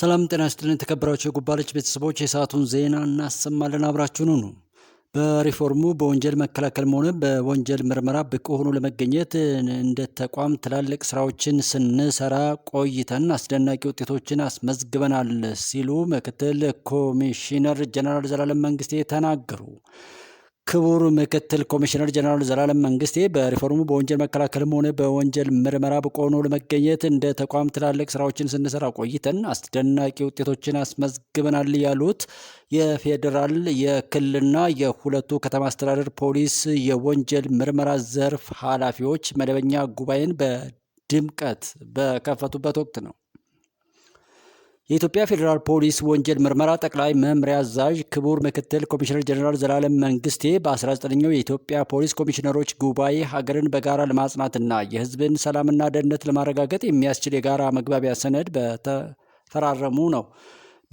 ሰላም ጤና ይስጥልን። የተከበራችሁ የጉባለች ቤተሰቦች የሰዓቱን ዜና እናሰማለን። አብራችሁን ሁኑ። በሪፎርሙ በወንጀል መከላከልም ሆነ በወንጀል ምርመራ ብቁ ሆኖ ለመገኘት እንደ ተቋም ትላልቅ ስራዎችን ስንሰራ ቆይተን አስደናቂ ውጤቶችን አስመዝግበናል ሲሉ ምክትል ኮሚሽነር ጀነራል ዘላለም መንግስቴ ተናገሩ። ክቡር ምክትል ኮሚሽነር ጀነራል ዘላለም መንግስቴ በሪፎርሙ በወንጀል መከላከልም ሆነ በወንጀል ምርመራ ብቁ ሆኖ ለመገኘት እንደ ተቋም ትላልቅ ስራዎችን ስንሰራ ቆይተን አስደናቂ ውጤቶችን አስመዝግበናል ያሉት የፌዴራል የክልልና የሁለቱ ከተማ አስተዳደር ፖሊስ የወንጀል ምርመራ ዘርፍ ኃላፊዎች መደበኛ ጉባኤን በድምቀት በከፈቱበት ወቅት ነው። የኢትዮጵያ ፌዴራል ፖሊስ ወንጀል ምርመራ ጠቅላይ መምሪያ አዛዥ ክቡር ምክትል ኮሚሽነር ጀኔራል ዘላለም መንግስቴ በ19ኛው የኢትዮጵያ ፖሊስ ኮሚሽነሮች ጉባኤ ሀገርን በጋራ ለማጽናትና የህዝብን ሰላምና ደህንነት ለማረጋገጥ የሚያስችል የጋራ መግባቢያ ሰነድ በተፈራረሙ ነው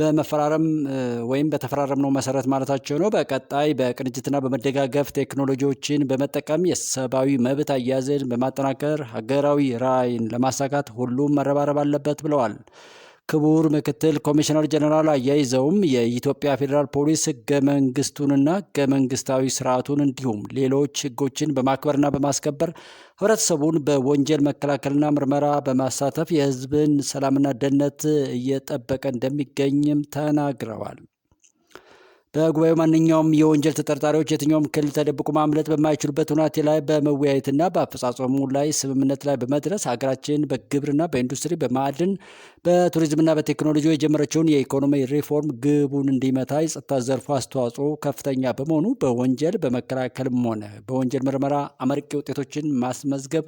በመፈራረም ወይም ነው መሰረት ማለታቸው ነው። በቀጣይ በቅንጅትና በመደጋገፍ ቴክኖሎጂዎችን በመጠቀም የሰብአዊ መብት አያያዝን በማጠናከር ሀገራዊ ራዕይን ለማሳካት ሁሉም መረባረብ አለበት ብለዋል። ክቡር ምክትል ኮሚሽነር ጀኔራል አያይዘውም የኢትዮጵያ ፌዴራል ፖሊስ ህገ መንግስቱንና ህገ መንግስታዊ ስርዓቱን እንዲሁም ሌሎች ህጎችን በማክበርና በማስከበር ህብረተሰቡን በወንጀል መከላከልና ምርመራ በማሳተፍ የህዝብን ሰላምና ደህንነት እየጠበቀ እንደሚገኝም ተናግረዋል። በጉባኤው ማንኛውም የወንጀል ተጠርጣሪዎች የትኛውም ክልል ተደብቆ ማምለጥ በማይችሉበት ሁናቴ ላይ በመወያየትና በአፈጻጸሙ ላይ ስምምነት ላይ በመድረስ ሀገራችን በግብርና፣ በኢንዱስትሪ፣ በማዕድን፣ በቱሪዝምና በቴክኖሎጂ የጀመረችውን የኢኮኖሚ ሪፎርም ግቡን እንዲመታ የጸጥታ ዘርፉ አስተዋጽኦ ከፍተኛ በመሆኑ በወንጀል በመከላከልም ሆነ በወንጀል ምርመራ አመርቂ ውጤቶችን ማስመዝገብ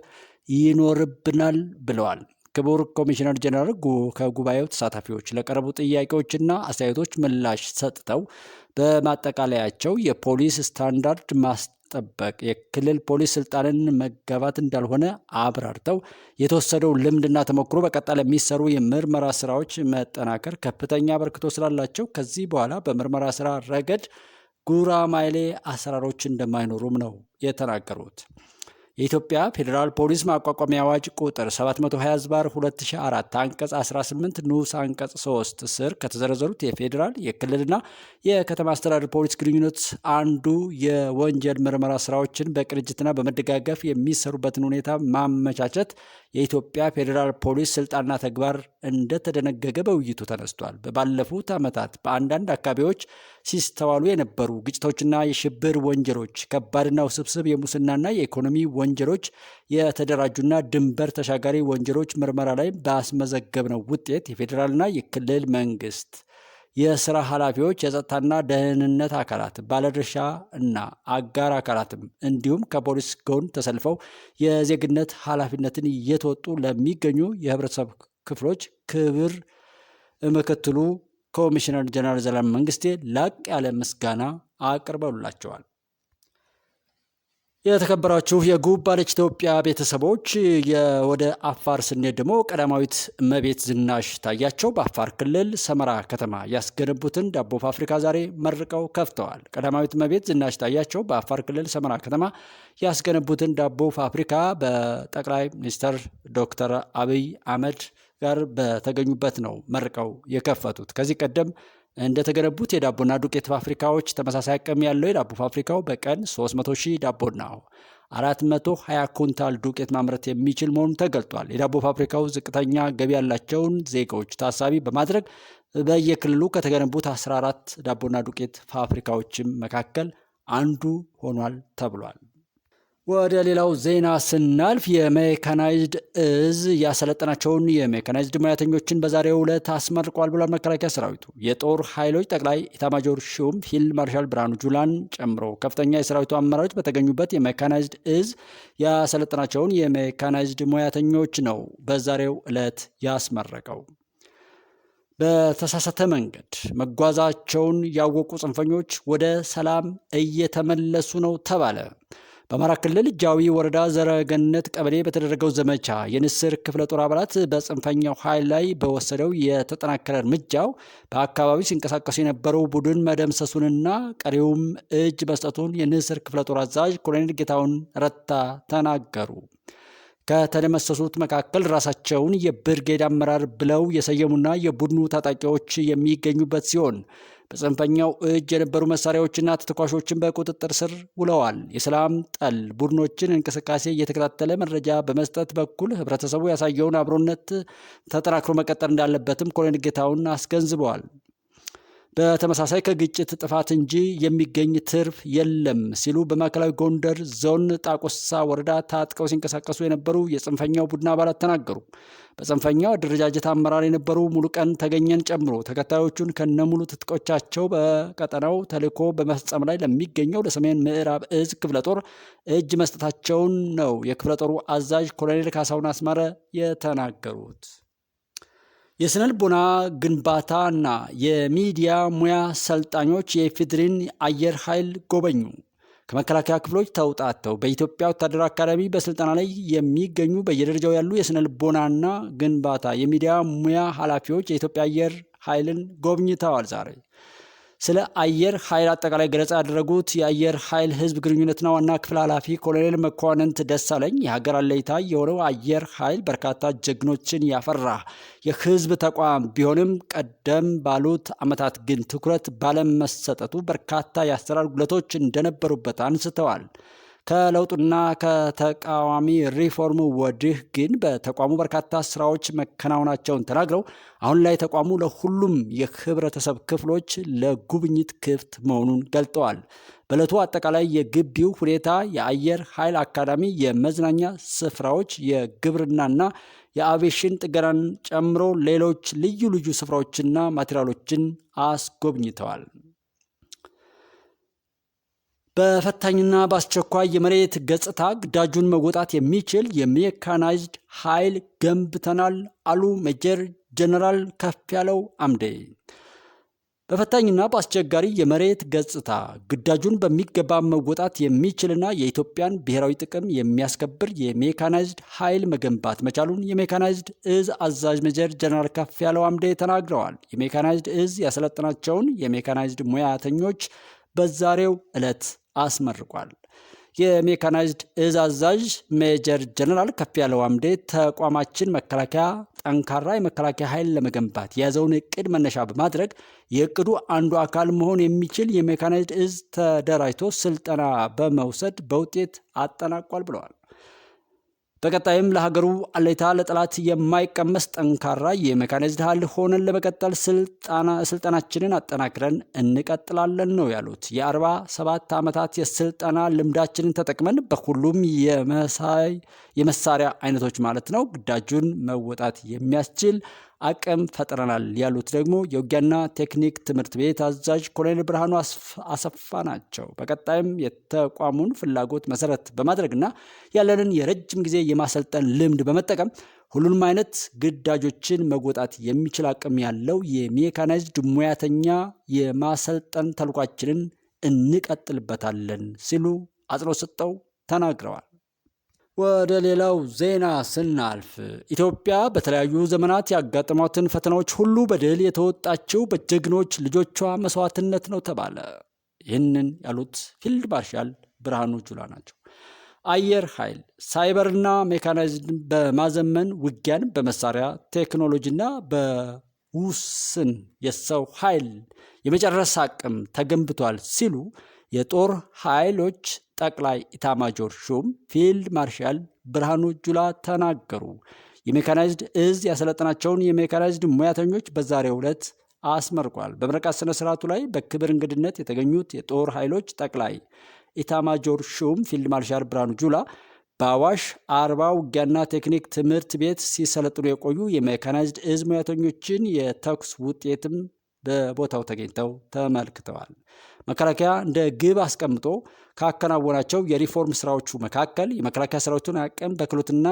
ይኖርብናል ብለዋል። ክቡር ኮሚሽነር ጀነራል ከጉባኤው ተሳታፊዎች ለቀረቡ ጥያቄዎችና አስተያየቶች ምላሽ ሰጥተው በማጠቃለያቸው የፖሊስ ስታንዳርድ ማስጠበቅ የክልል ፖሊስ ስልጣንን መጋባት እንዳልሆነ አብራርተው የተወሰደው ልምድና ተሞክሮ በቀጣይ ለሚሰሩ የምርመራ ስራዎች መጠናከር ከፍተኛ አበርክቶ ስላላቸው ከዚህ በኋላ በምርመራ ስራ ረገድ ጉራማይሌ አሰራሮች እንደማይኖሩም ነው የተናገሩት። የኢትዮጵያ ፌዴራል ፖሊስ ማቋቋሚያ አዋጅ ቁጥር 720 ዝባር 2004 አንቀጽ 18 ንዑስ አንቀጽ 3 ስር ከተዘረዘሩት የፌዴራል የክልልና የከተማ አስተዳደር ፖሊስ ግንኙነት አንዱ የወንጀል ምርመራ ስራዎችን በቅንጅትና በመደጋገፍ የሚሰሩበትን ሁኔታ ማመቻቸት የኢትዮጵያ ፌዴራል ፖሊስ ስልጣንና ተግባር እንደተደነገገ በውይይቱ ተነስቷል። በባለፉት ዓመታት በአንዳንድ አካባቢዎች ሲስተዋሉ የነበሩ ግጭቶችና የሽብር ወንጀሎች፣ ከባድና ውስብስብ የሙስናና የኢኮኖሚ ወንጀሎች የተደራጁና ድንበር ተሻጋሪ ወንጀሎች ምርመራ ላይ ባስመዘገብነው ውጤት የፌዴራልና የክልል መንግስት የስራ ኃላፊዎች፣ የጸጥታና ደህንነት አካላት፣ ባለድርሻ እና አጋር አካላትም እንዲሁም ከፖሊስ ጎን ተሰልፈው የዜግነት ኃላፊነትን እየተወጡ ለሚገኙ የህብረተሰብ ክፍሎች ክብር ምክትሉ ኮሚሽነር ጀነራል ዘላለም መንግስቴ ላቅ ያለ ምስጋና አቅርበውላቸዋል። የተከበራችሁ የጉብ ባለች ኢትዮጵያ ቤተሰቦች ወደ አፋር ስንሄድ ደግሞ ቀዳማዊት እመቤት ዝናሽ ታያቸው በአፋር ክልል ሰመራ ከተማ ያስገነቡትን ዳቦ ፋብሪካ ዛሬ መርቀው ከፍተዋል። ቀዳማዊት እመቤት ዝናሽ ታያቸው በአፋር ክልል ሰመራ ከተማ ያስገነቡትን ዳቦ ፋብሪካ በጠቅላይ ሚኒስትር ዶክተር አብይ አህመድ ጋር በተገኙበት ነው መርቀው የከፈቱት። ከዚህ ቀደም እንደተገነቡት የዳቦና ዱቄት ፋብሪካዎች ተመሳሳይ አቅም ያለው የዳቦ ፋብሪካው በቀን 300 ሺህ ዳቦና 420 ኩንታል ዱቄት ማምረት የሚችል መሆኑ ተገልጧል። የዳቦ ፋብሪካው ዝቅተኛ ገቢ ያላቸውን ዜጋዎች ታሳቢ በማድረግ በየክልሉ ከተገነቡት 14 ዳቦና ዱቄት ፋብሪካዎችም መካከል አንዱ ሆኗል ተብሏል። ወደ ሌላው ዜና ስናልፍ የሜካናይዝድ እዝ ያሰለጠናቸውን የሜካናይዝድ ሙያተኞችን በዛሬው ዕለት አስመርቋል ብሏል መከላከያ ሰራዊቱ። የጦር ኃይሎች ጠቅላይ ኢታማጆር ሹም ፊልድ ማርሻል ብርሃኑ ጁላን ጨምሮ ከፍተኛ የሰራዊቱ አመራሮች በተገኙበት የሜካናይዝድ እዝ ያሰለጠናቸውን የሜካናይዝድ ሙያተኞች ነው በዛሬው ዕለት ያስመረቀው። በተሳሳተ መንገድ መጓዛቸውን ያወቁ ጽንፈኞች ወደ ሰላም እየተመለሱ ነው ተባለ። በአማራ ክልል ጃዊ ወረዳ ዘረገነት ቀበሌ በተደረገው ዘመቻ የንስር ክፍለ ጦር አባላት በጽንፈኛው ኃይል ላይ በወሰደው የተጠናከረ እርምጃው በአካባቢው ሲንቀሳቀሱ የነበረው ቡድን መደምሰሱንና ቀሪውም እጅ መስጠቱን የንስር ክፍለ ጦር አዛዥ ኮሎኔል ጌታውን ረታ ተናገሩ። ከተደመሰሱት መካከል ራሳቸውን የብርጌድ አመራር ብለው የሰየሙና የቡድኑ ታጣቂዎች የሚገኙበት ሲሆን በጽንፈኛው እጅ የነበሩ መሳሪያዎችና ተተኳሾችን በቁጥጥር ስር ውለዋል። የሰላም ጠል ቡድኖችን እንቅስቃሴ እየተከታተለ መረጃ በመስጠት በኩል ህብረተሰቡ ያሳየውን አብሮነት ተጠናክሮ መቀጠል እንዳለበትም ኮሎኔል ጌታውን አስገንዝበዋል። በተመሳሳይ ከግጭት ጥፋት እንጂ የሚገኝ ትርፍ የለም ሲሉ በማዕከላዊ ጎንደር ዞን ጣቁሳ ወረዳ ታጥቀው ሲንቀሳቀሱ የነበሩ የጽንፈኛው ቡድን አባላት ተናገሩ። በጽንፈኛው አደረጃጀት አመራር የነበሩ ሙሉቀን ተገኘን ጨምሮ ተከታዮቹን ከነሙሉ ትጥቆቻቸው በቀጠናው ተልዕኮ በመፈጸም ላይ ለሚገኘው ለሰሜን ምዕራብ እዝ ክፍለ ጦር እጅ መስጠታቸውን ነው የክፍለ ጦሩ አዛዥ ኮሎኔል ካሳውን አስማረ የተናገሩት። የስነ ልቦና ግንባታና የሚዲያ ሙያ ሰልጣኞች የኢፌዴሪን አየር ኃይል ጎበኙ። ከመከላከያ ክፍሎች ተውጣተው በኢትዮጵያ ወታደራዊ አካዳሚ በስልጠና ላይ የሚገኙ በየደረጃው ያሉ የስነ ልቦናና ግንባታ የሚዲያ ሙያ ኃላፊዎች የኢትዮጵያ አየር ኃይልን ጎብኝተዋል ዛሬ ስለ አየር ኃይል አጠቃላይ ገለጻ ያደረጉት የአየር ኃይል ህዝብ ግንኙነትና ዋና ክፍል ኃላፊ ኮሎኔል መኳንንት ደሳለኝ የሀገር አለኝታ የሆነው አየር ኃይል በርካታ ጀግኖችን ያፈራ የህዝብ ተቋም ቢሆንም ቀደም ባሉት ዓመታት ግን ትኩረት ባለመሰጠቱ በርካታ የአሰራር ጉለቶች እንደነበሩበት አንስተዋል። ከለውጡና ከተቃዋሚ ሪፎርሙ ወዲህ ግን በተቋሙ በርካታ ስራዎች መከናወናቸውን ተናግረው አሁን ላይ ተቋሙ ለሁሉም የህብረተሰብ ክፍሎች ለጉብኝት ክፍት መሆኑን ገልጠዋል። በዕለቱ አጠቃላይ የግቢው ሁኔታ፣ የአየር ኃይል አካዳሚ፣ የመዝናኛ ስፍራዎች፣ የግብርናና የአቬሽን ጥገናን ጨምሮ ሌሎች ልዩ ልዩ ስፍራዎችና ማቴሪያሎችን አስጎብኝተዋል። በፈታኝና በአስቸኳይ የመሬት ገጽታ ግዳጁን መወጣት የሚችል የሜካናይዝድ ኃይል ገንብተናል አሉ ሜጀር ጀነራል ከፍ ያለው አምዴ። በፈታኝና በአስቸጋሪ የመሬት ገጽታ ግዳጁን በሚገባ መወጣት የሚችልና የኢትዮጵያን ብሔራዊ ጥቅም የሚያስከብር የሜካናይዝድ ኃይል መገንባት መቻሉን የሜካናይዝድ እዝ አዛዥ ሜጀር ጀነራል ከፍ ያለው አምዴ ተናግረዋል። የሜካናይዝድ እዝ ያሰለጠናቸውን የሜካናይዝድ ሙያተኞች በዛሬው ዕለት አስመርቋል። የሜካናይዝድ እዝ አዛዥ ሜጀር ጀነራል ከፍ ያለው አምዴ ተቋማችን መከላከያ ጠንካራ የመከላከያ ኃይል ለመገንባት የያዘውን እቅድ መነሻ በማድረግ የእቅዱ አንዱ አካል መሆን የሚችል የሜካናይዝድ እዝ ተደራጅቶ ስልጠና በመውሰድ በውጤት አጠናቋል ብለዋል። በቀጣይም ለሀገሩ አለታ ለጠላት የማይቀመስ ጠንካራ የሜካናይዝድ ኃይል ሆነን ለመቀጠል ስልጠናችንን አጠናክረን እንቀጥላለን ነው ያሉት። የአርባ ሰባት ዓመታት የስልጠና ልምዳችንን ተጠቅመን በሁሉም የመሳይ የመሳሪያ አይነቶች ማለት ነው ግዳጁን መወጣት የሚያስችል አቅም ፈጥረናል ያሉት ደግሞ የውጊያና ቴክኒክ ትምህርት ቤት አዛዥ ኮሎኔል ብርሃኑ አሰፋ ናቸው። በቀጣይም የተቋሙን ፍላጎት መሰረት በማድረግና ያለንን የረጅም ጊዜ የማሰልጠን ልምድ በመጠቀም ሁሉንም አይነት ግዳጆችን መወጣት የሚችል አቅም ያለው የሜካናይዝድ ሙያተኛ የማሰልጠን ተልኳችንን እንቀጥልበታለን ሲሉ አጽንኦት ሰጠው ተናግረዋል። ወደ ሌላው ዜና ስናልፍ ኢትዮጵያ በተለያዩ ዘመናት ያጋጠሟትን ፈተናዎች ሁሉ በድል የተወጣችው በጀግኖች ልጆቿ መስዋዕትነት ነው ተባለ። ይህንን ያሉት ፊልድ ማርሻል ብርሃኑ ጁላ ናቸው። አየር ኃይል ሳይበርና ሜካናይዝድ በማዘመን ውጊያን በመሳሪያ ቴክኖሎጂና በውስን የሰው ኃይል የመጨረስ አቅም ተገንብቷል ሲሉ የጦር ኃይሎች ጠቅላይ ኢታማጆር ሹም ፊልድ ማርሻል ብርሃኑ ጁላ ተናገሩ። የሜካናይዝድ እዝ ያሰለጠናቸውን የሜካናይዝድ ሙያተኞች በዛሬው ዕለት አስመርቋል። በምረቃ ስነ ስርዓቱ ላይ በክብር እንግድነት የተገኙት የጦር ኃይሎች ጠቅላይ ኢታማጆር ሹም ፊልድ ማርሻል ብርሃኑ ጁላ በአዋሽ አርባ ውጊያና ቴክኒክ ትምህርት ቤት ሲሰለጥኑ የቆዩ የሜካናይዝድ እዝ ሙያተኞችን የተኩስ ውጤትም በቦታው ተገኝተው ተመልክተዋል። መከላከያ እንደ ግብ አስቀምጦ ካከናወናቸው የሪፎርም ስራዎቹ መካከል የመከላከያ ሰራዊቱን አቅም በክሎትና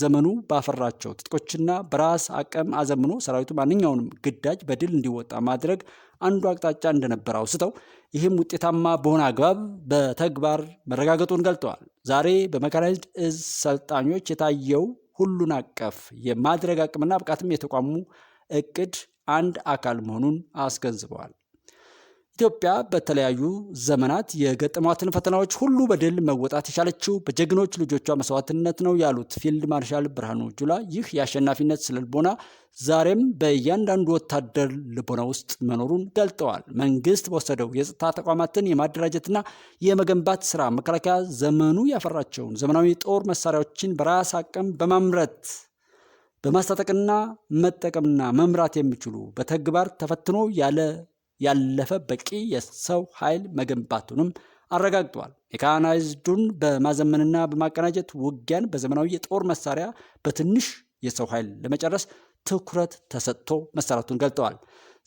ዘመኑ ባፈራቸው ትጥቆችና በራስ አቅም አዘምኖ ሰራዊቱ ማንኛውንም ግዳጅ በድል እንዲወጣ ማድረግ አንዱ አቅጣጫ እንደነበር አውስተው ይህም ውጤታማ በሆነ አግባብ በተግባር መረጋገጡን ገልጠዋል። ዛሬ በመካናይዝድ እዝ ሰልጣኞች የታየው ሁሉን አቀፍ የማድረግ አቅምና ብቃትም የተቋሙ እቅድ አንድ አካል መሆኑን አስገንዝበዋል። ኢትዮጵያ በተለያዩ ዘመናት የገጠሟትን ፈተናዎች ሁሉ በድል መወጣት የቻለችው በጀግኖች ልጆቿ መስዋዕትነት ነው ያሉት ፊልድ ማርሻል ብርሃኑ ጁላ፣ ይህ የአሸናፊነት ልቦና ዛሬም በእያንዳንዱ ወታደር ልቦና ውስጥ መኖሩን ገልጠዋል። መንግስት በወሰደው የጸጥታ ተቋማትን የማደራጀትና የመገንባት ስራ መከላከያ ዘመኑ ያፈራቸውን ዘመናዊ ጦር መሳሪያዎችን በራስ አቅም በማምረት በማስታጠቅና መጠቀምና መምራት የሚችሉ በተግባር ተፈትኖ ያለፈ በቂ የሰው ኃይል መገንባቱንም አረጋግጧል። ሜካናይዝዱን በማዘመንና በማቀናጀት ውጊያን በዘመናዊ የጦር መሳሪያ በትንሽ የሰው ኃይል ለመጨረስ ትኩረት ተሰጥቶ መሰራቱን ገልጠዋል።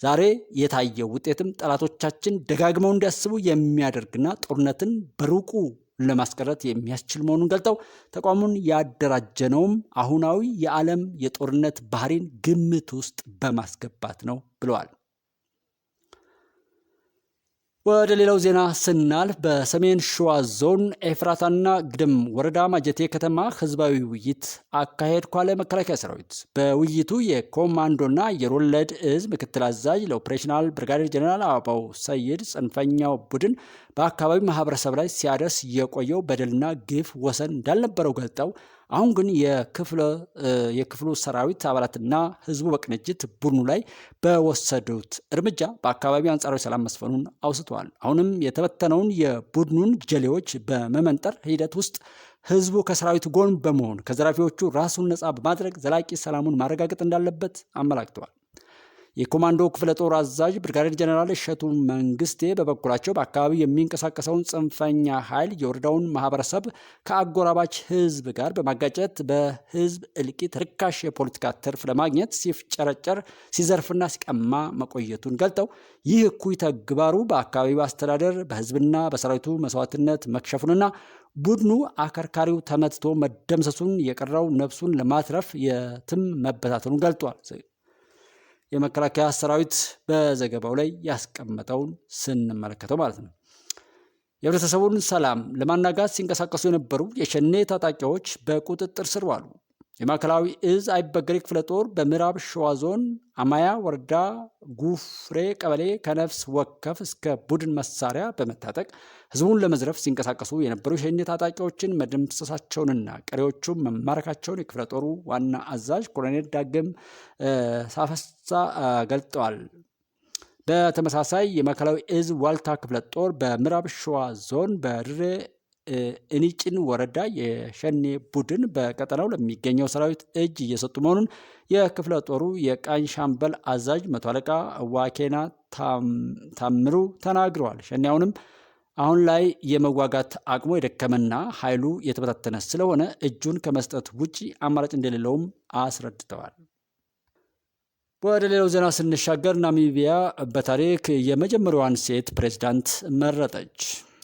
ዛሬ የታየው ውጤትም ጠላቶቻችን ደጋግመው እንዲያስቡ የሚያደርግና ጦርነትን በሩቁ ለማስቀረት የሚያስችል መሆኑን ገልጠው ተቋሙን ያደራጀ ነውም አሁናዊ የዓለም የጦርነት ባህሪን ግምት ውስጥ በማስገባት ነው ብለዋል። ወደ ሌላው ዜና ስናልፍ በሰሜን ሸዋ ዞን ኤፍራታና ግድም ወረዳ ማጀቴ ከተማ ህዝባዊ ውይይት አካሄድ አለ መከላከያ ሰራዊት። በውይይቱ የኮማንዶና አየር እዝ ምክትል አዛዥ ለኦፕሬሽናል ብርጋዴር ጀነራል አበባው ሰይድ ጽንፈኛው ቡድን በአካባቢው ማህበረሰብ ላይ ሲያደርስ የቆየው በደልና ግፍ ወሰን እንዳልነበረው ገልጠው አሁን ግን የክፍሉ ሰራዊት አባላትና ህዝቡ በቅንጅት ቡድኑ ላይ በወሰዱት እርምጃ በአካባቢው አንጻራዊ ሰላም መስፈኑን አውስተዋል። አሁንም የተበተነውን የቡድኑን ጀሌዎች በመመንጠር ሂደት ውስጥ ህዝቡ ከሰራዊቱ ጎን በመሆን ከዘራፊዎቹ ራሱን ነፃ በማድረግ ዘላቂ ሰላሙን ማረጋገጥ እንዳለበት አመላክተዋል። የኮማንዶ ክፍለ ጦር አዛዥ ብርጋዴር ጀነራል እሸቱ መንግስቴ በበኩላቸው በአካባቢው የሚንቀሳቀሰውን ጽንፈኛ ኃይል የወረዳውን ማህበረሰብ ከአጎራባች ህዝብ ጋር በማጋጨት በህዝብ እልቂት ርካሽ የፖለቲካ ትርፍ ለማግኘት ሲፍጨረጨር፣ ሲዘርፍና ሲቀማ መቆየቱን ገልጠው ይህ እኩይ ተግባሩ በአካባቢው አስተዳደር በህዝብና በሰራዊቱ መስዋዕትነት መክሸፉንና ቡድኑ አከርካሪው ተመትቶ መደምሰሱን የቀረው ነፍሱን ለማትረፍ የትም መበታተኑን ገልጧል። የመከላከያ ሰራዊት በዘገባው ላይ ያስቀመጠውን ስንመለከተው ማለት ነው። የህብረተሰቡን ሰላም ለማናጋት ሲንቀሳቀሱ የነበሩ የሸኔ ታጣቂዎች በቁጥጥር ስር ዋሉ። የማዕከላዊ እዝ አይበገሬ ክፍለ ጦር በምዕራብ ሸዋ ዞን አማያ ወረዳ ጉፍሬ ቀበሌ ከነፍስ ወከፍ እስከ ቡድን መሳሪያ በመታጠቅ ህዝቡን ለመዝረፍ ሲንቀሳቀሱ የነበሩ የሸኔ ታጣቂዎችን መደምሰሳቸውንና ቀሪዎቹ መማረካቸውን የክፍለ ጦሩ ዋና አዛዥ ኮሎኔል ዳግም ሳፈሳ ገልጠዋል። በተመሳሳይ የማዕከላዊ እዝ ዋልታ ክፍለ ጦር በምዕራብ ሸዋ ዞን በድሬ ኢኒጭን ወረዳ የሸኔ ቡድን በቀጠናው ለሚገኘው ሰራዊት እጅ እየሰጡ መሆኑን የክፍለ ጦሩ የቃኝ ሻምበል አዛዥ መቶ አለቃ ዋኬና ታምሩ ተናግረዋል። ሸኔ አሁንም አሁን ላይ የመዋጋት አቅሞ የደከመና ኃይሉ የተበታተነ ስለሆነ እጁን ከመስጠት ውጪ አማራጭ እንደሌለውም አስረድተዋል። ወደ ሌላው ዜና ስንሻገር ናሚቢያ በታሪክ የመጀመሪያዋን ሴት ፕሬዝዳንት መረጠች።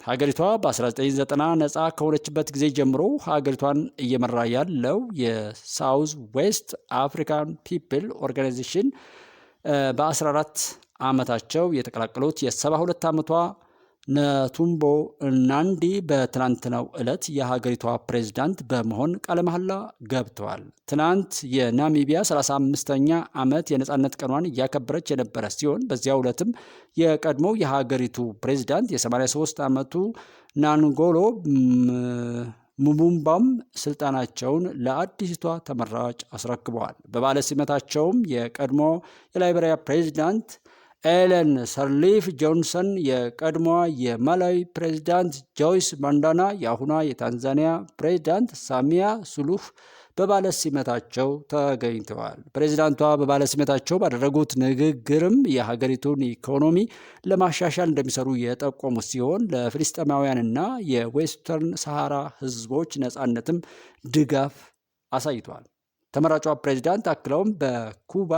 ሀገሪቷ በ1990 ነፃ ከሆነችበት ጊዜ ጀምሮ ሀገሪቷን እየመራ ያለው የሳውዝ ዌስት አፍሪካን ፒፕል ኦርጋናይዜሽን በ14 ዓመታቸው የተቀላቀሉት የ72 ዓመቷ ነቱምቦ ናንዲ በትናንትናው ዕለት የሀገሪቷ ፕሬዝዳንት በመሆን ቃለ መሐላ ገብተዋል። ትናንት የናሚቢያ 35ኛ ዓመት የነፃነት ቀኗን እያከበረች የነበረ ሲሆን በዚያው ዕለትም የቀድሞው የሀገሪቱ ፕሬዝዳንት የ83 ዓመቱ ናንጎሎ ሙቡምባም ስልጣናቸውን ለአዲስቷ ተመራጭ አስረክበዋል። በባለ ሲመታቸውም የቀድሞ የላይበሪያ ፕሬዝዳንት ኤለን ሰርሊፍ ጆንሰን፣ የቀድሞዋ የማላዊ ፕሬዚዳንት ጆይስ ማንዳና የአሁኗ የታንዛኒያ ፕሬዚዳንት ሳሚያ ሱሉህ በባለ ሲመታቸው ተገኝተዋል። ፕሬዚዳንቷ በባለ ሲመታቸው ባደረጉት ንግግርም የሀገሪቱን ኢኮኖሚ ለማሻሻል እንደሚሰሩ የጠቆሙት ሲሆን ለፍልስጤማውያንና የዌስተርን ሰሃራ ህዝቦች ነፃነትም ድጋፍ አሳይቷል። ተመራጯ ፕሬዚዳንት አክለውም በኩባ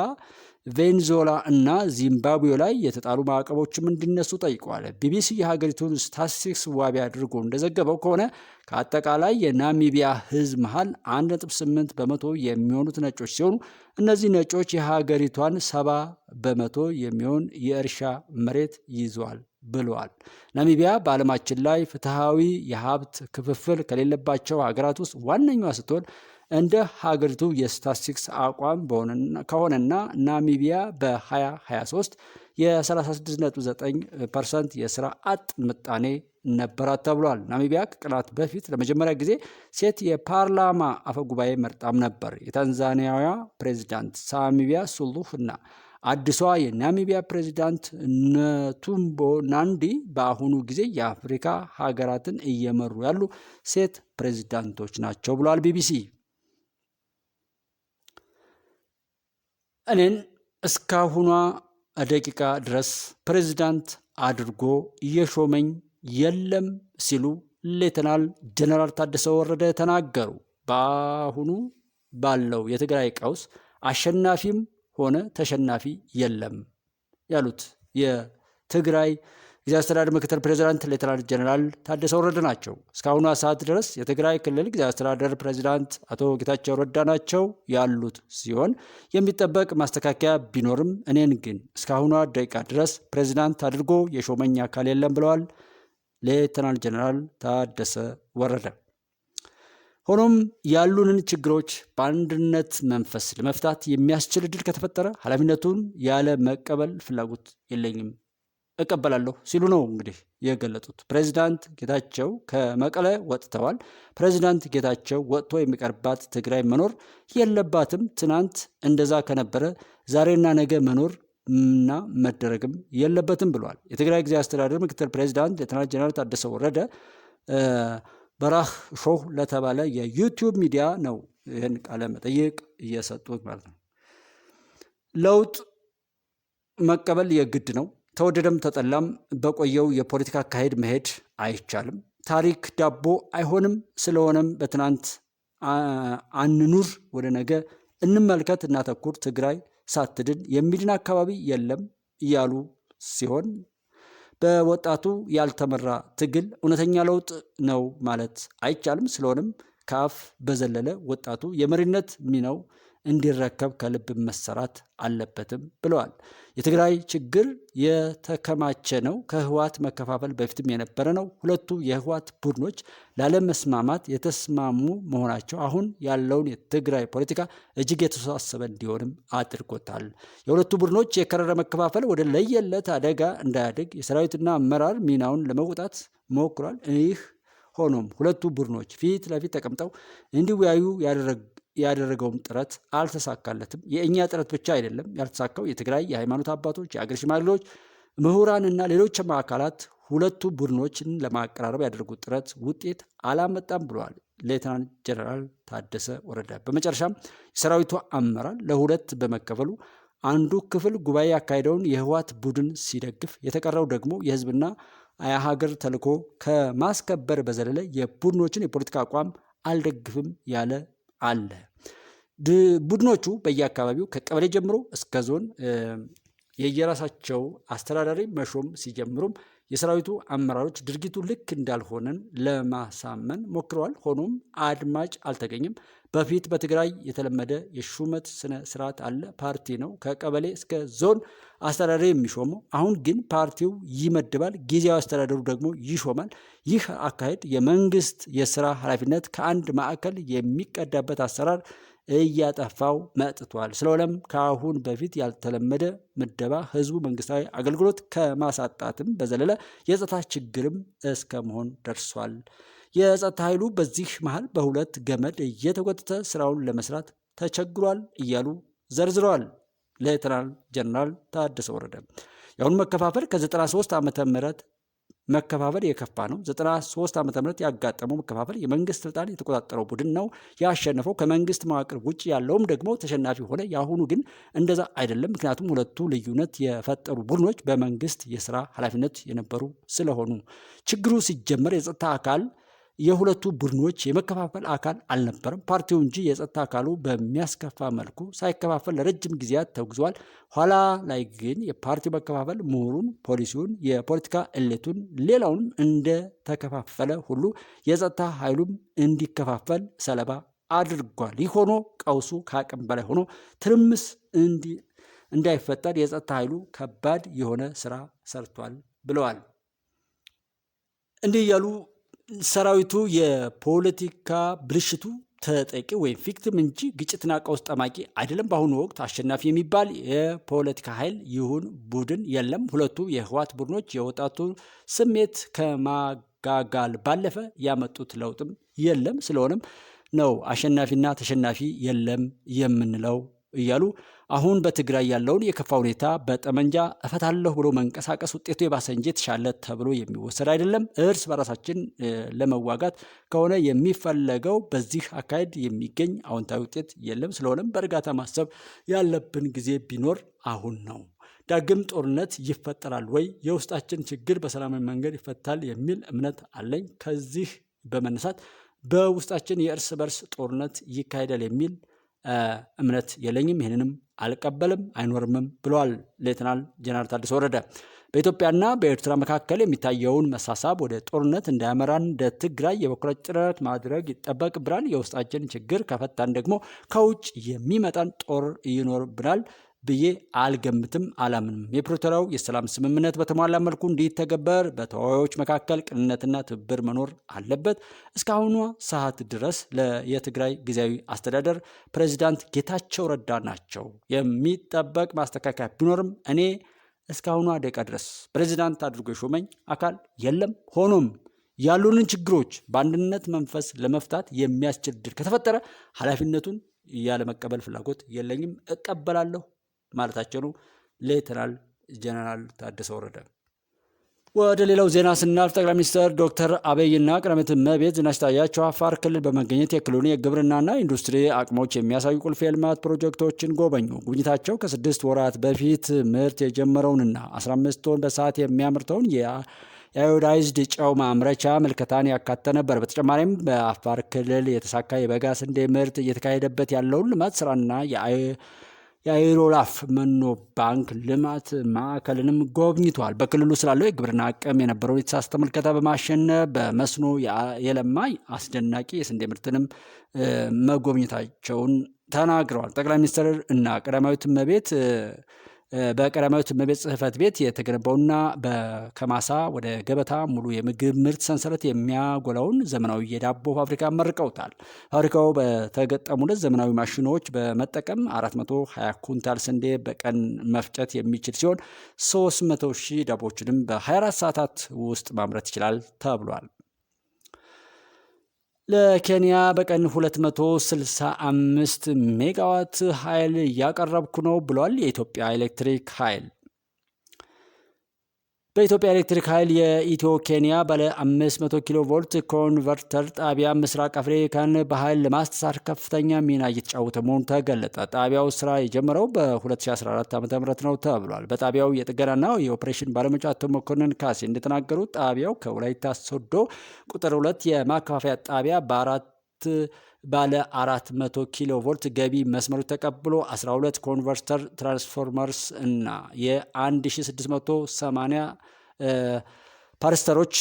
ቬንዙዌላ እና ዚምባብዌ ላይ የተጣሉ ማዕቀቦችም እንዲነሱ ጠይቋል። ቢቢሲ የሀገሪቱን ስታትስቲክስ ዋቢ አድርጎ እንደዘገበው ከሆነ ከአጠቃላይ የናሚቢያ ሕዝብ መሃል 1.8 በመቶ የሚሆኑት ነጮች ሲሆኑ እነዚህ ነጮች የሀገሪቷን ሰባ በመቶ የሚሆን የእርሻ መሬት ይዟል ብለዋል። ናሚቢያ በዓለማችን ላይ ፍትሐዊ የሀብት ክፍፍል ከሌለባቸው ሀገራት ውስጥ ዋነኛዋ ስትሆን እንደ ሀገሪቱ የስታስቲክስ አቋም ከሆነና ናሚቢያ በ2023 የ36.9 ፐርሰንት የስራ አጥ ምጣኔ ነበራት ተብሏል። ናሚቢያ ከቀናት በፊት ለመጀመሪያ ጊዜ ሴት የፓርላማ አፈጉባኤ መርጣም ነበር። የታንዛኒያዋ ፕሬዚዳንት ሳሚቢያ ሱሉሁ እና አዲሷ የናሚቢያ ፕሬዚዳንት ነቱምቦ ናንዲ በአሁኑ ጊዜ የአፍሪካ ሀገራትን እየመሩ ያሉ ሴት ፕሬዚዳንቶች ናቸው ብሏል ቢቢሲ። እኔን እስካሁኗ ደቂቃ ድረስ ፕሬዚዳንት አድርጎ የሾመኝ የለም ሲሉ ሌተናል ጀነራል ታደሰ ወረደ ተናገሩ። በአሁኑ ባለው የትግራይ ቀውስ አሸናፊም ሆነ ተሸናፊ የለም ያሉት የትግራይ ጊዜ አስተዳደር ምክትል ፕሬዚዳንት ሌተናንት ጀኔራል ታደሰ ወረደ ናቸው። እስካሁኗ ሰዓት ድረስ የትግራይ ክልል ጊዜ አስተዳደር ፕሬዚዳንት አቶ ጌታቸው ረዳ ናቸው ያሉት ሲሆን የሚጠበቅ ማስተካከያ ቢኖርም እኔን ግን እስካሁኗ ደቂቃ ድረስ ፕሬዚዳንት አድርጎ የሾመኝ አካል የለም ብለዋል ሌተናንት ጀኔራል ታደሰ ወረደ። ሆኖም ያሉንን ችግሮች በአንድነት መንፈስ ለመፍታት የሚያስችል እድል ከተፈጠረ ኃላፊነቱን ያለ መቀበል ፍላጎት የለኝም እቀበላለሁ ሲሉ ነው እንግዲህ የገለጡት። ፕሬዚዳንት ጌታቸው ከመቀለ ወጥተዋል። ፕሬዚዳንት ጌታቸው ወጥቶ የሚቀርባት ትግራይ መኖር የለባትም። ትናንት እንደዛ ከነበረ ዛሬና ነገ መኖር እና መደረግም የለበትም ብለዋል። የትግራይ ጊዜ አስተዳደር ምክትል ፕሬዚዳንት ሌተናንት ጀነራል ታደሰ ወረደ በራህ ሾህ ለተባለ የዩቲዩብ ሚዲያ ነው ይህን ቃለ መጠይቅ እየሰጡት ማለት ነው። ለውጥ መቀበል የግድ ነው ተወደደም ተጠላም በቆየው የፖለቲካ አካሄድ መሄድ አይቻልም። ታሪክ ዳቦ አይሆንም። ስለሆነም በትናንት አንኑር፣ ወደ ነገ እንመልከት፣ እናተኩር፣ ትግራይ ሳትድን የሚድን አካባቢ የለም እያሉ ሲሆን በወጣቱ ያልተመራ ትግል እውነተኛ ለውጥ ነው ማለት አይቻልም። ስለሆነም ከአፍ በዘለለ ወጣቱ የመሪነት ሚናው እንዲረከብ ከልብ መሰራት አለበትም ብለዋል። የትግራይ ችግር የተከማቸ ነው፣ ከህወሓት መከፋፈል በፊትም የነበረ ነው። ሁለቱ የህወሓት ቡድኖች ላለመስማማት የተስማሙ መሆናቸው አሁን ያለውን የትግራይ ፖለቲካ እጅግ የተወሳሰበ እንዲሆንም አድርጎታል። የሁለቱ ቡድኖች የከረረ መከፋፈል ወደ ለየለት አደጋ እንዳያድግ የሰራዊትና አመራር ሚናውን ለመውጣት ሞክሯል። ይህ ሆኖም ሁለቱ ቡድኖች ፊት ለፊት ተቀምጠው እንዲወያዩ ያደረገውም ጥረት አልተሳካለትም። የእኛ ጥረት ብቻ አይደለም ያልተሳካው። የትግራይ የሃይማኖት አባቶች፣ የአገር ሽማግሌዎች፣ ምሁራንና ሌሎችም አካላት ሁለቱ ቡድኖችን ለማቀራረብ ያደረጉት ጥረት ውጤት አላመጣም ብለዋል ሌተናንት ጀነራል ታደሰ ወረደ። በመጨረሻም የሰራዊቱ አመራር ለሁለት በመከፈሉ አንዱ ክፍል ጉባኤ ያካሄደውን የህወሓት ቡድን ሲደግፍ፣ የተቀረው ደግሞ የህዝብና የሀገር ተልዕኮ ከማስከበር በዘለለ የቡድኖችን የፖለቲካ አቋም አልደግፍም ያለ አለ። ቡድኖቹ በየአካባቢው ከቀበሌ ጀምሮ እስከ ዞን የየራሳቸው አስተዳዳሪ መሾም ሲጀምሩም የሰራዊቱ አመራሮች ድርጊቱ ልክ እንዳልሆነን ለማሳመን ሞክረዋል። ሆኖም አድማጭ አልተገኘም። በፊት በትግራይ የተለመደ የሹመት ስነ ስርዓት አለ። ፓርቲ ነው ከቀበሌ እስከ ዞን አስተዳደር የሚሾመው። አሁን ግን ፓርቲው ይመድባል፣ ጊዜያዊ አስተዳደሩ ደግሞ ይሾማል። ይህ አካሄድ የመንግስት የስራ ኃላፊነት ከአንድ ማዕከል የሚቀዳበት አሰራር እያጠፋው መጥቷል። ስለሆነም ከአሁን በፊት ያልተለመደ ምደባ ህዝቡ መንግስታዊ አገልግሎት ከማሳጣትም በዘለለ የጸጥታ ችግርም እስከ መሆን ደርሷል። የጸጥታ ኃይሉ በዚህ መሃል በሁለት ገመድ እየተጎተተ ስራውን ለመስራት ተቸግሯል እያሉ ዘርዝረዋል። ሌተናል ጀነራል ታደሰ ወረደ የአሁኑ መከፋፈል ከ93 ዓ ም መከፋፈል የከፋ ነው። 93 ዓ ም ያጋጠመው መከፋፈል የመንግስት ስልጣን የተቆጣጠረው ቡድን ነው ያሸነፈው። ከመንግስት መዋቅር ውጭ ያለውም ደግሞ ተሸናፊ ሆነ። የአሁኑ ግን እንደዛ አይደለም። ምክንያቱም ሁለቱ ልዩነት የፈጠሩ ቡድኖች በመንግስት የስራ ኃላፊነት የነበሩ ስለሆኑ ችግሩ ሲጀመር የጸጥታ አካል የሁለቱ ቡድኖች የመከፋፈል አካል አልነበረም። ፓርቲው እንጂ የጸጥታ አካሉ በሚያስከፋ መልኩ ሳይከፋፈል ለረጅም ጊዜያት ተጉዟል። ኋላ ላይ ግን የፓርቲው መከፋፈል ምሁሩን፣ ፖሊሲውን፣ የፖለቲካ እሌቱን ሌላውንም እንደተከፋፈለ ሁሉ የጸጥታ ኃይሉም እንዲከፋፈል ሰለባ አድርጓል። ይህ ሆኖ ቀውሱ ከአቅም በላይ ሆኖ ትርምስ እንዳይፈጠር የጸጥታ ኃይሉ ከባድ የሆነ ስራ ሰርቷል ብለዋል። እንዲህ እያሉ ሰራዊቱ የፖለቲካ ብልሽቱ ተጠቂ ወይም ፊክትም እንጂ ግጭትና ቀውስ ጠማቂ አይደለም። በአሁኑ ወቅት አሸናፊ የሚባል የፖለቲካ ኃይል ይሁን ቡድን የለም። ሁለቱ የህወሓት ቡድኖች የወጣቱ ስሜት ከማጋጋል ባለፈ ያመጡት ለውጥም የለም። ስለሆነም ነው አሸናፊና ተሸናፊ የለም የምንለው እያሉ አሁን በትግራይ ያለውን የከፋ ሁኔታ በጠመንጃ እፈታለሁ ብሎ መንቀሳቀስ ውጤቱ የባሰ እንጂ የተሻለ ተብሎ የሚወሰድ አይደለም። እርስ በራሳችን ለመዋጋት ከሆነ የሚፈለገው በዚህ አካሄድ የሚገኝ አዎንታዊ ውጤት የለም። ስለሆነም በእርጋታ ማሰብ ያለብን ጊዜ ቢኖር አሁን ነው። ዳግም ጦርነት ይፈጠራል ወይ? የውስጣችን ችግር በሰላማዊ መንገድ ይፈታል የሚል እምነት አለኝ። ከዚህ በመነሳት በውስጣችን የእርስ በርስ ጦርነት ይካሄዳል የሚል እምነት የለኝም፣ ይህንንም አልቀበልም፣ አይኖርምም ብለዋል ሌትናል ጀነራል ታደሰ ወረደ። በኢትዮጵያና በኤርትራ መካከል የሚታየውን መሳሳብ ወደ ጦርነት እንዳያመራን እንደ ትግራይ የበኩላት ጥረት ማድረግ ብናል። የውስጣችን ችግር ከፈታን ደግሞ ከውጭ የሚመጣን ጦር ይኖር ብናል። ብዬ አልገምትም፣ አላምንም። የፕሪቶሪያው የሰላም ስምምነት በተሟላ መልኩ እንዲተገበር በተዋዮች መካከል ቅንነትና ትብብር መኖር አለበት። እስካሁኗ ሰዓት ድረስ የትግራይ ጊዜያዊ አስተዳደር ፕሬዚዳንት ጌታቸው ረዳ ናቸው። የሚጠበቅ ማስተካከያ ቢኖርም እኔ እስካሁኗ ደቂቃ ድረስ ፕሬዚዳንት አድርጎ የሾመኝ አካል የለም። ሆኖም ያሉንን ችግሮች በአንድነት መንፈስ ለመፍታት የሚያስችል ድል ከተፈጠረ ኃላፊነቱን ያለመቀበል ፍላጎት የለኝም። እቀበላለሁ። ማለታቸው ነው። ሌተናል ጀነራል ታደሰ ወረደ። ወደ ሌላው ዜና ስናልፍ ጠቅላይ ሚኒስትር ዶክተር አብይና ቀዳማዊት እመቤት ዝናሽ ታያቸው አፋር ክልል በመገኘት የክልሉን የግብርናና ኢንዱስትሪ አቅሞች የሚያሳዩ ቁልፍ የልማት ፕሮጀክቶችን ጎበኙ። ጉብኝታቸው ከስድስት ወራት በፊት ምርት የጀመረውንና 15 ቶን በሰዓት የሚያመርተውን የአዮዳይዝድ ጨው ማምረቻ ምልከታን ያካተ ነበር። በተጨማሪም በአፋር ክልል የተሳካ የበጋ ስንዴ ምርት እየተካሄደበት ያለውን ልማት ስራና የአይሮላፍ መኖ ባንክ ልማት ማዕከልንም ጎብኝቷል በክልሉ ስላለው የግብርና አቅም የነበረው የተሳስ ተመልከታ በማሸነፍ በመስኖ የለማ አስደናቂ የስንዴ ምርትንም መጎብኘታቸውን ተናግረዋል። ጠቅላይ ሚኒስትር እና ቀዳማዊት እመቤት በቀዳማዊ እመቤት ጽሕፈት ቤት የተገነባውና ከማሳ ወደ ገበታ ሙሉ የምግብ ምርት ሰንሰለት የሚያጎላውን ዘመናዊ የዳቦ ፋብሪካ መርቀውታል። ፋብሪካው በተገጠሙለት ዘመናዊ ማሽኖች በመጠቀም 420 ኩንታል ስንዴ በቀን መፍጨት የሚችል ሲሆን 300 ሺህ ዳቦዎችንም በ24 ሰዓታት ውስጥ ማምረት ይችላል ተብሏል። ለኬንያ በቀን 265 ሜጋዋት ኃይል እያቀረብኩ ነው ብሏል የኢትዮጵያ ኤሌክትሪክ ኃይል። በኢትዮጵያ ኤሌክትሪክ ኃይል የኢትዮ ኬንያ ባለ 500 ኪሎ ቮልት ኮንቨርተር ጣቢያ ምስራቅ አፍሪካን በኃይል ለማስተሳሰር ከፍተኛ ሚና እየተጫወተ መሆኑ ተገለጠ። ጣቢያው ስራ የጀመረው በ2014 ዓ ም ነው ተብሏል። በጣቢያው የጥገናና የኦፕሬሽን ባለሙያ አቶ መኮንን ካሴ እንደተናገሩ ጣቢያው ከወላይታ ሶዶ ቁጥር ሁለት የማከፋፈያ ጣቢያ በአራት ባለ 400 ኪሎ ቮልት ገቢ መስመሮች ተቀብሎ 12 ኮንቨርተር ትራንስፎርመርስ እና የ1680 ፓርስተሮች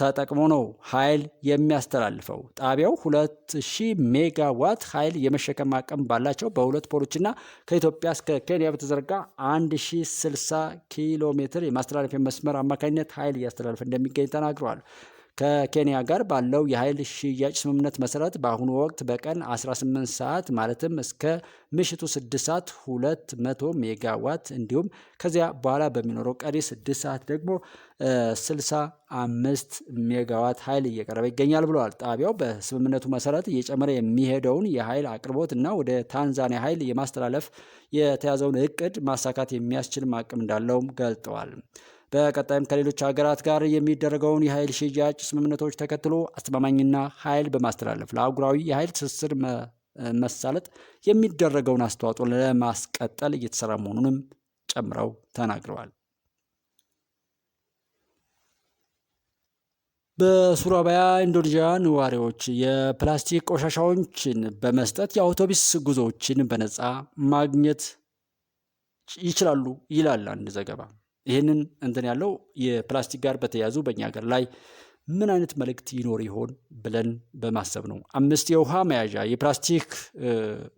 ተጠቅሞ ነው ኃይል የሚያስተላልፈው። ጣቢያው 2000 ሜጋ ዋት ኃይል የመሸከም አቅም ባላቸው በሁለት ፖሎችና ከኢትዮጵያ እስከ ኬንያ በተዘረጋ 1060 ኪሎ ሜትር የማስተላለፊያ መስመር አማካኝነት ኃይል እያስተላለፈ እንደሚገኝ ተናግረዋል። ከኬንያ ጋር ባለው የኃይል ሽያጭ ስምምነት መሰረት በአሁኑ ወቅት በቀን 18 ሰዓት ማለትም እስከ ምሽቱ 6 ሰዓት 200 ሜጋዋት እንዲሁም ከዚያ በኋላ በሚኖረው ቀሪ 6 ሰዓት ደግሞ 65 ሜጋዋት ኃይል እየቀረበ ይገኛል ብለዋል። ጣቢያው በስምምነቱ መሰረት እየጨመረ የሚሄደውን የኃይል አቅርቦት እና ወደ ታንዛኒያ ኃይል የማስተላለፍ የተያዘውን እቅድ ማሳካት የሚያስችል አቅም እንዳለውም ገልጠዋል። በቀጣይም ከሌሎች ሀገራት ጋር የሚደረገውን የኃይል ሽያጭ ስምምነቶች ተከትሎ አስተማማኝና ኃይል በማስተላለፍ ለአህጉራዊ የኃይል ትስስር መሳለጥ የሚደረገውን አስተዋጽኦ ለማስቀጠል እየተሰራ መሆኑንም ጨምረው ተናግረዋል። በሱራባያ ኢንዶኔዥያ ነዋሪዎች የፕላስቲክ ቆሻሻዎችን በመስጠት የአውቶቡስ ጉዞዎችን በነፃ ማግኘት ይችላሉ ይላል አንድ ዘገባ። ይህንን እንትን ያለው የፕላስቲክ ጋር በተያያዙ በእኛ ሀገር ላይ ምን አይነት መልእክት ይኖር ይሆን ብለን በማሰብ ነው። አምስት የውሃ መያዣ የፕላስቲክ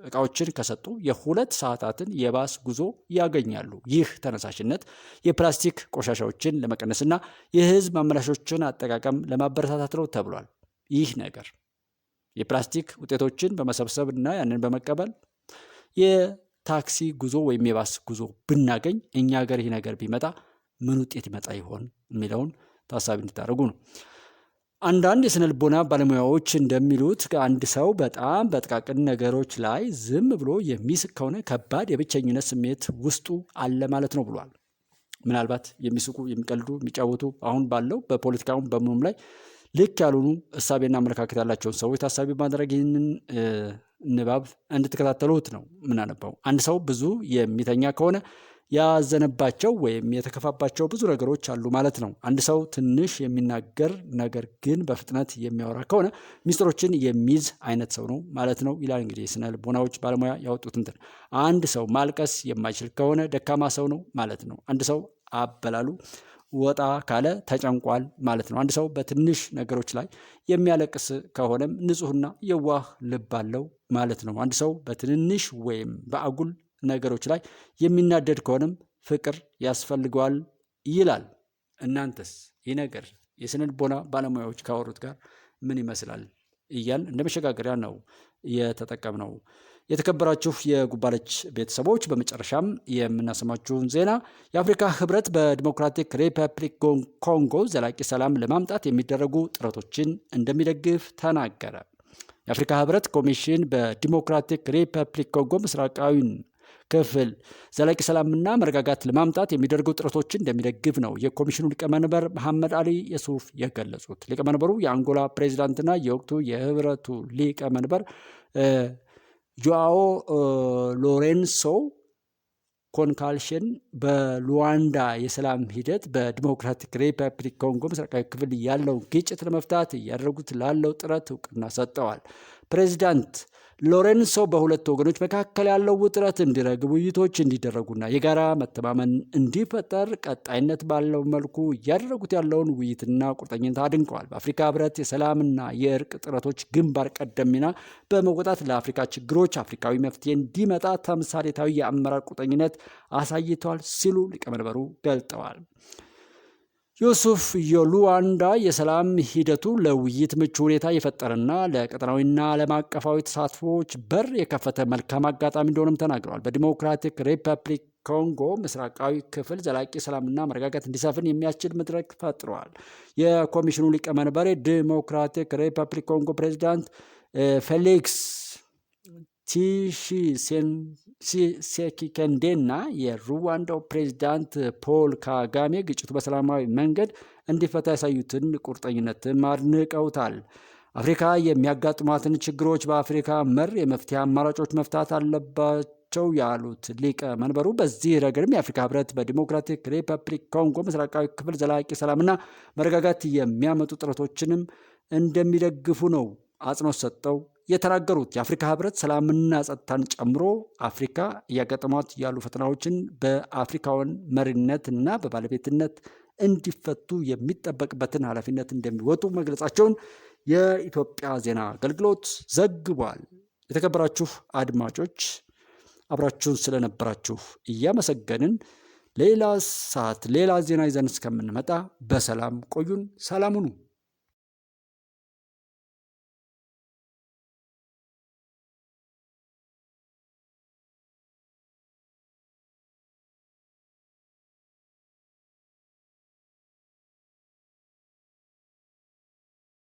እቃዎችን ከሰጡ የሁለት ሰዓታትን የባስ ጉዞ ያገኛሉ። ይህ ተነሳሽነት የፕላስቲክ ቆሻሻዎችን ለመቀነስና የህዝብ ማመላሻዎችን አጠቃቀም ለማበረታታት ነው ተብሏል። ይህ ነገር የፕላስቲክ ውጤቶችን በመሰብሰብ እና ያንን በመቀበል ታክሲ ጉዞ ወይም የባስ ጉዞ ብናገኝ እኛ ሀገር ይሄ ነገር ቢመጣ ምን ውጤት ይመጣ ይሆን የሚለውን ታሳቢ እንድታደርጉ ነው። አንዳንድ የስነ ልቦና ባለሙያዎች እንደሚሉት አንድ ሰው በጣም በጥቃቅን ነገሮች ላይ ዝም ብሎ የሚስቅ ከሆነ ከባድ የብቸኝነት ስሜት ውስጡ አለ ማለት ነው ብሏል። ምናልባት የሚስቁ የሚቀልዱ፣ የሚጫወቱ አሁን ባለው በፖለቲካውም በምኑም ላይ ልክ ያልሆኑ እሳቤና አመለካከት ያላቸውን ሰዎች ታሳቢ ማድረግ ይህንን ንባብ እንድትከታተሉት ነው ምናነባው። አንድ ሰው ብዙ የሚተኛ ከሆነ ያዘነባቸው ወይም የተከፋባቸው ብዙ ነገሮች አሉ ማለት ነው። አንድ ሰው ትንሽ የሚናገር ነገር ግን በፍጥነት የሚያወራ ከሆነ ሚስጥሮችን የሚይዝ አይነት ሰው ነው ማለት ነው ይላል እንግዲህ ስነ ልቦናዎች ባለሙያ ያወጡት እንትን። አንድ ሰው ማልቀስ የማይችል ከሆነ ደካማ ሰው ነው ማለት ነው። አንድ ሰው አበላሉ ወጣ ካለ ተጨንቋል ማለት ነው። አንድ ሰው በትንሽ ነገሮች ላይ የሚያለቅስ ከሆነም ንጹሕና የዋህ ልብ አለው ማለት ነው። አንድ ሰው በትንንሽ ወይም በአጉል ነገሮች ላይ የሚናደድ ከሆነም ፍቅር ያስፈልገዋል ይላል። እናንተስ ይህ ነገር ቦና ባለሙያዎች ካወሩት ጋር ምን ይመስላል እያል እንደ መሸጋገሪያ ነው የተጠቀምነው። የተከበራችሁ የጉባለች ቤተሰቦች በመጨረሻም የምናሰማችሁን ዜና የአፍሪካ ህብረት በዲሞክራቲክ ሪፐብሊክ ኮንጎ ዘላቂ ሰላም ለማምጣት የሚደረጉ ጥረቶችን እንደሚደግፍ ተናገረ። የአፍሪካ ህብረት ኮሚሽን በዲሞክራቲክ ሪፐብሊክ ኮንጎ ምስራቃዊን ክፍል ዘላቂ ሰላምና መረጋጋት ለማምጣት የሚደረጉ ጥረቶችን እንደሚደግፍ ነው የኮሚሽኑ ሊቀመንበር መሐመድ አሊ የሱፍ የገለጹት። ሊቀመንበሩ የአንጎላ ፕሬዚዳንትና የወቅቱ የህብረቱ ሊቀመንበር ጆአዎ ሎሬንሶ ኮንካልሽን በሉዋንዳ የሰላም ሂደት በዲሞክራቲክ ሪፐብሊክ ኮንጎ ምስራቃዊ ክፍል ያለውን ግጭት ለመፍታት እያደረጉት ላለው ጥረት እውቅና ሰጥተዋል። ፕሬዚዳንት ሎሬንሶ በሁለት ወገኖች መካከል ያለው ውጥረት እንዲረግብ ውይይቶች እንዲደረጉና የጋራ መተማመን እንዲፈጠር ቀጣይነት ባለው መልኩ እያደረጉት ያለውን ውይይትና ቁርጠኝነት አድንቀዋል። በአፍሪካ ህብረት የሰላምና የእርቅ ጥረቶች ግንባር ቀደም ሚና በመወጣት ለአፍሪካ ችግሮች አፍሪካዊ መፍትሄ እንዲመጣ ተምሳሌታዊ የአመራር ቁርጠኝነት አሳይተዋል ሲሉ ሊቀመንበሩ ገልጠዋል። ዮሱፍ የሉዋንዳ የሰላም ሂደቱ ለውይይት ምቹ ሁኔታ የፈጠረና ለቀጠናዊና ዓለም አቀፋዊ ተሳትፎዎች በር የከፈተ መልካም አጋጣሚ እንደሆነም ተናግረዋል። በዲሞክራቲክ ሪፐብሊክ ኮንጎ ምስራቃዊ ክፍል ዘላቂ ሰላምና መረጋጋት እንዲሰፍን የሚያስችል መድረክ ፈጥረዋል። የኮሚሽኑ ሊቀመንበር ዲሞክራቲክ ሪፐብሊክ ኮንጎ ፕሬዚዳንት ፌሊክስ ቲሺሴን ቺሴኪኬንዴና የሩዋንዳው ፕሬዚዳንት ፖል ካጋሜ ግጭቱ በሰላማዊ መንገድ እንዲፈታ ያሳዩትን ቁርጠኝነትም አድንቀውታል። አፍሪካ የሚያጋጥሟትን ችግሮች በአፍሪካ መር የመፍትሄ አማራጮች መፍታት አለባቸው ያሉት ሊቀ መንበሩ በዚህ ረገድም የአፍሪካ ሕብረት በዲሞክራቲክ ሪፐብሊክ ኮንጎ ምስራቃዊ ክፍል ዘላቂ ሰላምና መረጋጋት የሚያመጡ ጥረቶችንም እንደሚደግፉ ነው አጽንኦት ሰጠው የተናገሩት የአፍሪካ ህብረት ሰላምና ጸጥታን ጨምሮ አፍሪካ እያገጠሟት ያሉ ፈተናዎችን በአፍሪካውያን መሪነትና በባለቤትነት እንዲፈቱ የሚጠበቅበትን ኃላፊነት እንደሚወጡ መግለጻቸውን የኢትዮጵያ ዜና አገልግሎት ዘግቧል። የተከበራችሁ አድማጮች አብራችሁን ስለነበራችሁ እያመሰገንን ሌላ ሰዓት ሌላ ዜና ይዘን እስከምንመጣ በሰላም ቆዩን። ሰላም ሁኑ።